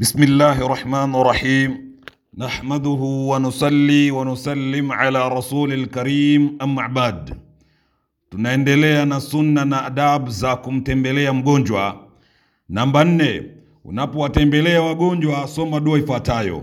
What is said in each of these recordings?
bismillahi rahmani rahim nahmaduhu نحمده ونصلي ونسلم ala rasuli lkarim amma bad. Tunaendelea na sunna na adabu za kumtembelea mgonjwa. Namba nne, unapowatembelea wagonjwa soma dua ifuatayo.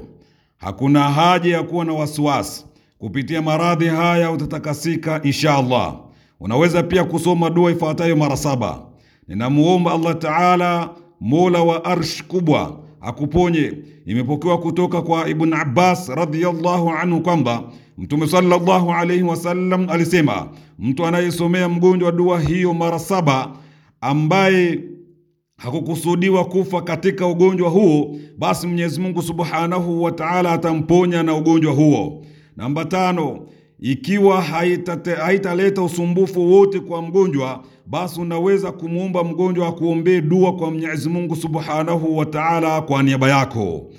Hakuna haja ya kuwa na wasiwasi, kupitia maradhi haya utatakasika insha Allah. Unaweza pia kusoma dua ifuatayo mara saba: ninamuomba Allah Taala, mola wa arshi kubwa akuponye. Imepokewa kutoka kwa Ibn Abbas radhiyallahu anhu kwamba Mtume sallallahu alayhi wasallam alisema, mtu anayesomea mgonjwa dua hiyo mara saba ambaye hakukusudiwa kufa katika ugonjwa huo, basi Mwenyezi Mungu subhanahu wa Ta'ala atamponya na ugonjwa huo. Namba tano, ikiwa haitaleta haita usumbufu wote kwa mgonjwa, basi unaweza kumwomba mgonjwa akuombee dua kwa Mwenyezi Mungu Subhanahu wa Ta'ala kwa niaba yako.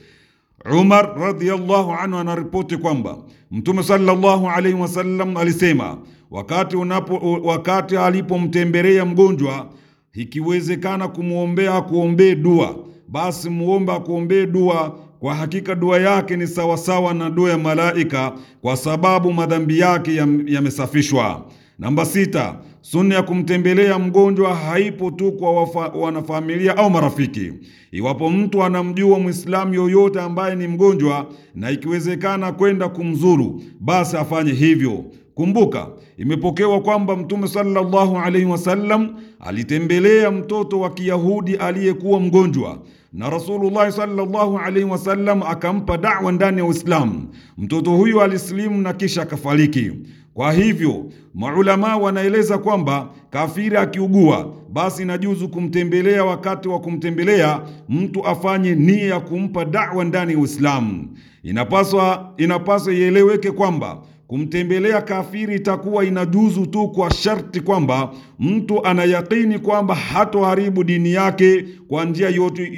Umar radhiyallahu anhu anaripoti kwamba Mtume sallallahu alayhi wasallam alisema, wakati unapo wakati alipomtembelea mgonjwa, ikiwezekana kumwombea akuombee dua, basi muombe akuombee dua kwa hakika dua yake ni sawasawa na dua ya malaika, kwa sababu madhambi yake yamesafishwa. Namba sita, sunna ya kumtembelea mgonjwa haipo tu kwa wanafamilia au marafiki. Iwapo mtu anamjua Muislamu yoyote ambaye ni mgonjwa na ikiwezekana kwenda kumzuru, basi afanye hivyo. Kumbuka, imepokewa kwamba Mtume sallallahu alaihi wasallam alitembelea mtoto wa Kiyahudi aliyekuwa mgonjwa na Rasulullah sallallahu alaihi wasallam akampa da'wa ndani ya Uislamu. Mtoto huyo alisilimu na kisha akafariki. Kwa hivyo maulama wanaeleza kwamba kafiri akiugua, basi inajuzu kumtembelea. Wakati wa kumtembelea mtu afanye nia ya kumpa da'wa ndani ya Uislamu. Inapaswa inapaswa ieleweke kwamba kumtembelea kafiri itakuwa inajuzu tu kwa sharti kwamba mtu anayakini kwamba hatoharibu dini yake kwa njia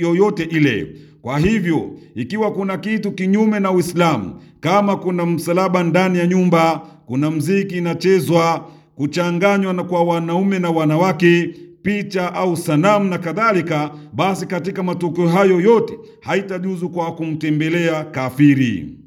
yoyote ile. Kwa hivyo, ikiwa kuna kitu kinyume na Uislamu, kama kuna msalaba ndani ya nyumba, kuna mziki inachezwa, kuchanganywa na kwa wanaume na wanawake picha au sanamu na kadhalika, basi katika matukio hayo yote haitajuzu kwa kumtembelea kafiri.